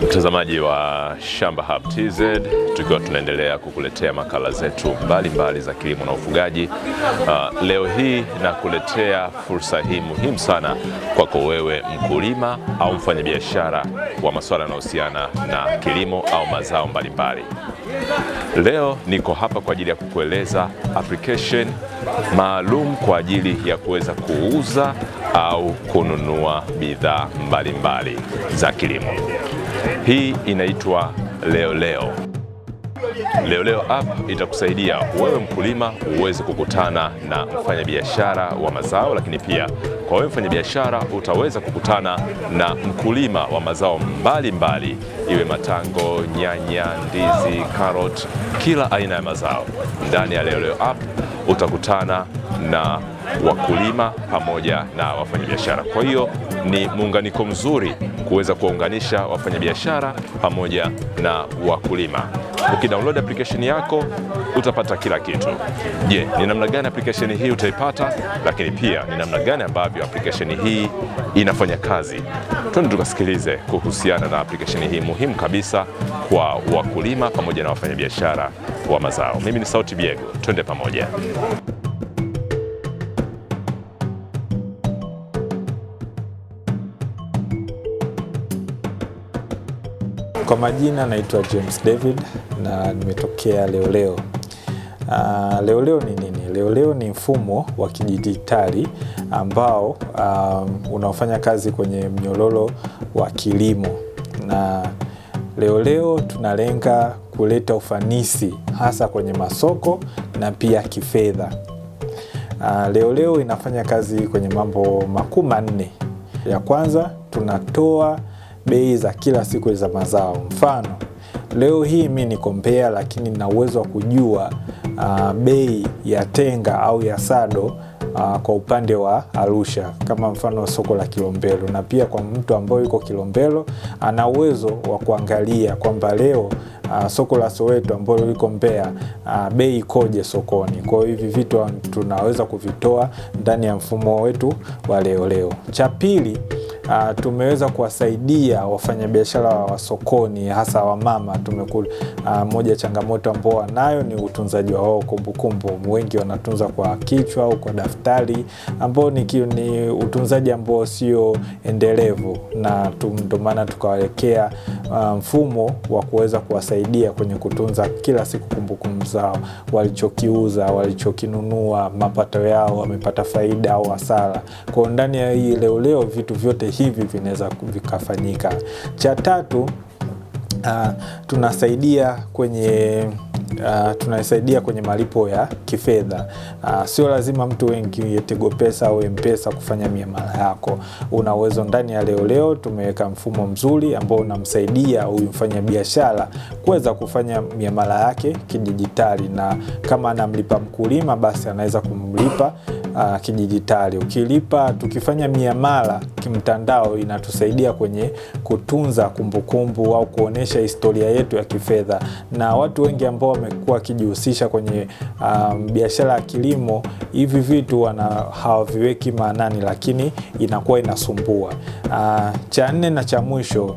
Mtazamaji wa Shamba Hub TZ, tukiwa tunaendelea kukuletea makala zetu mbalimbali mbali za kilimo na ufugaji. Uh, leo hii nakuletea fursa hii muhimu sana kwako wewe mkulima au mfanyabiashara wa masuala yanayohusiana na kilimo au mazao mbalimbali mbali. Leo niko hapa kwa ajili ya kukueleza application maalum kwa ajili ya kuweza kuuza au kununua bidhaa mbalimbali za kilimo. Hii inaitwa Leoleo. Leoleo app itakusaidia wewe mkulima uweze kukutana na mfanyabiashara wa mazao, lakini pia kwa wewe mfanyabiashara utaweza kukutana na mkulima wa mazao mbalimbali mbali, iwe matango, nyanya, ndizi, karoti, kila aina ya mazao. Ndani ya Leoleo app utakutana na wakulima pamoja na wafanyabiashara. Kwa hiyo ni muunganiko mzuri kuweza kuwaunganisha wafanyabiashara pamoja na wakulima. Ukidownload application yako utapata kila kitu. Je, ni namna gani application hii utaipata? Lakini pia ni namna gani ambavyo application hii inafanya kazi? Twende tukasikilize kuhusiana na application hii muhimu kabisa kwa wakulima pamoja na wafanyabiashara wa mazao. Mimi ni Sauti Biego, twende pamoja. Kwa majina naitwa James David na nimetokea Leoleo. Uh, ah, Leoleo ni nini? Leoleo ni mfumo wa kidijitali ambao um, unaofanya kazi kwenye mnyororo wa kilimo na Leoleo tunalenga kuleta ufanisi hasa kwenye masoko na pia kifedha. Uh, ah, Leoleo inafanya kazi kwenye mambo makuu manne. Ya kwanza tunatoa bei za kila siku za mazao. Mfano, leo hii mi ni kompea, lakini nina uwezo wa kujua uh, bei ya tenga au ya sado Uh, kwa upande wa Arusha kama mfano soko la Kilombero, na pia kwa mtu ambaye yuko Kilombero ana uwezo wa kuangalia kwamba leo uh, soko la Soweto ambalo liko Mbeya uh, bei ikoje sokoni. Kwa hiyo hivi vitu tunaweza kuvitoa ndani ya mfumo wetu wa leo leo. Cha pili uh, tumeweza kuwasaidia wafanyabiashara wa sokoni hasa wamama. Tumekuwa uh, moja changamoto ambao wanayo ni utunzaji wao kumbukumbu. Wengi wanatunza kwa kichwa au kwa daftari, ambao ni, ni utunzaji ambao sio endelevu, na ndio maana tukawawekea uh, ah, mfumo wa kuweza kuwasaidia kwenye kutunza kila siku kumbukumbu zao, walichokiuza, walichokinunua, mapato yao, wamepata faida au hasara. Kwa ndani ya hii leo leo vitu vyote hivi vinaweza vikafanyika. Cha tatu, uh, tunasaidia kwenye Uh, tunasaidia kwenye malipo ya kifedha. Uh, sio lazima mtu wengi Tigo Pesa au Mpesa kufanya miamala yako, una uwezo ndani ya leo leo. Tumeweka mfumo mzuri ambao unamsaidia huyu mfanyabiashara kuweza kufanya miamala yake kidijitali, na kama anamlipa mkulima, basi anaweza kumlipa uh, ah, kidijitali. Ukilipa, tukifanya miamala kimtandao, inatusaidia kwenye kutunza kumbukumbu au kuonyesha historia yetu ya kifedha, na watu wengi ambao wamekuwa wakijihusisha kwenye um, biashara ya kilimo, hivi vitu wana hawaviweki maanani, lakini inakuwa inasumbua. Uh, cha nne na cha mwisho uh,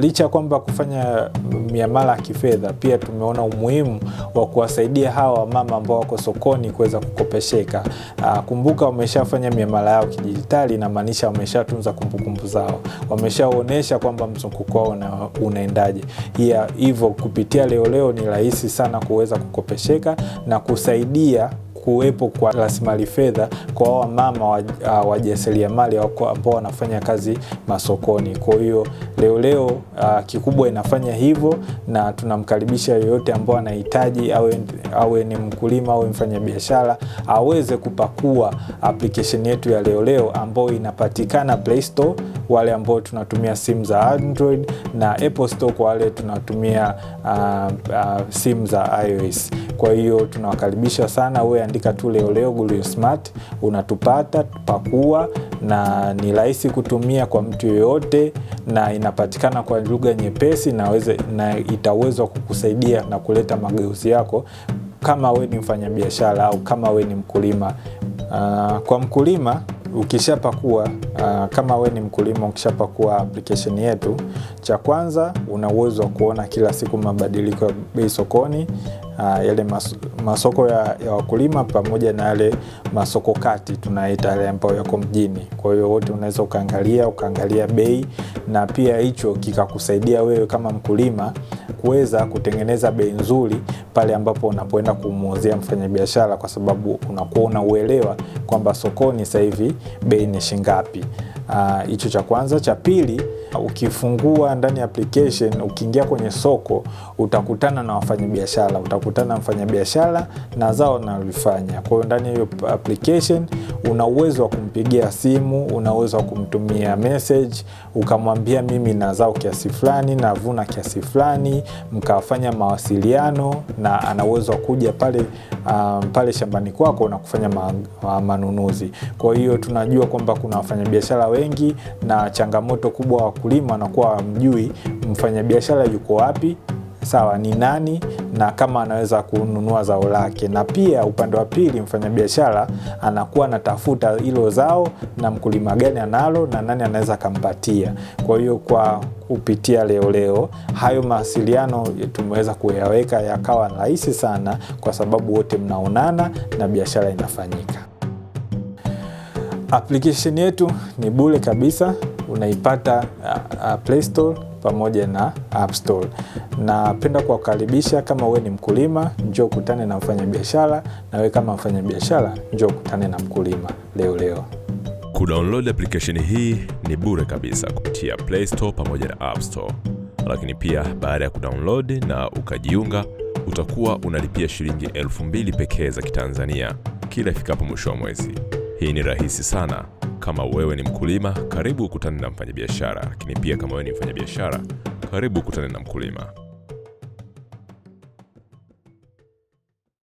licha ya kwamba kufanya miamala ya kifedha, pia tumeona umuhimu wa kuwasaidia hawa wamama ambao wako sokoni kuweza kukopesheka Uh, kumbuka wameshafanya miamala yao kidijitali, inamaanisha wameshatunza kumbukumbu zao, wameshaonyesha kwamba mzunguko wao una, unaendaje. Hivyo kupitia leo leo ni rahisi sana kuweza kukopesheka na kusaidia kuwepo kwa rasilimali fedha kwa wa mama uh, wajasiriamali uh, ambao wanafanya kazi masokoni. Kwa hiyo leo leo uh, kikubwa inafanya hivyo, na tunamkaribisha yoyote ambao anahitaji awe, awe ni mkulima awe mfanyabiashara aweze kupakua application yetu ya leo leo ambayo inapatikana Play Store wale ambao tunatumia simu za Android na Apple Store kwa wale tunatumia uh, uh, simu za iOS. Kwa hiyo tunawakaribisha sana, wewe andika tu leoleo Gulio Smart, unatupata pakua, na ni rahisi kutumia kwa mtu yoyote, na inapatikana kwa lugha nyepesi na, na itawezwa kukusaidia na kuleta mageuzi yako kama we ni mfanyabiashara au kama we ni mkulima. Uh, kwa mkulima Ukishapakua uh, kama we ni mkulima, ukishapakua application yetu, cha kwanza una uwezo wa kuona kila siku mabadiliko ya bei sokoni Ah, yale mas, masoko ya, ya wakulima pamoja na yale masoko kati tunaita yale ambayo yako mjini. Kwa hiyo wote unaweza ukaangalia ukaangalia bei, na pia hicho kikakusaidia wewe kama mkulima kuweza kutengeneza bei nzuri pale ambapo unapoenda kumuuzia mfanyabiashara, kwa sababu unakuwa unauelewa kwamba sokoni sasa hivi bei ni shingapi. Ah, hicho uh, cha kwanza. Cha pili, ukifungua ndani ya application, ukiingia kwenye soko utakutana na wafanyabiashara, utakutana na mfanyabiashara na zao nalifanya. Kwa hiyo ndani ya hiyo application una uwezo wa kumpigia simu, una uwezo wa kumtumia message, ukamwambia mimi na zao kiasi fulani, navuna kiasi fulani, mkafanya mawasiliano na ana uwezo wa kuja pale, um, pale shambani kwako na kufanya ma, ma, manunuzi. Kwa hiyo tunajua kwamba kuna wafanyabiashara wengi, na changamoto kubwa wakulima wanakuwa wamjui mfanyabiashara yuko wapi, sawa, ni nani na kama anaweza kununua zao lake. Na pia upande wa pili, mfanyabiashara anakuwa anatafuta hilo zao na mkulima gani analo na nani anaweza akampatia. Kwa hiyo kwa kupitia leo leo, hayo mawasiliano tumeweza kuyaweka yakawa rahisi sana, kwa sababu wote mnaonana na biashara inafanyika. Application yetu ni bure kabisa, unaipata Play Store pamoja na App Store. Napenda kuwakaribisha kama uwe ni mkulima, njoo kutane na mfanyabiashara, na we kama mfanyabiashara, njoo kutane na mkulima leo leo. Kudownload application hii ni bure kabisa kupitia Play Store pamoja na App Store, lakini pia baada ya kudownload na ukajiunga, utakuwa unalipia shilingi elfu mbili pekee za Kitanzania kila ifikapo mwisho wa mwezi. Hii ni rahisi sana. Kama wewe ni mkulima, karibu ukutane na mfanyabiashara, lakini pia kama wewe ni mfanyabiashara, karibu ukutane na mkulima.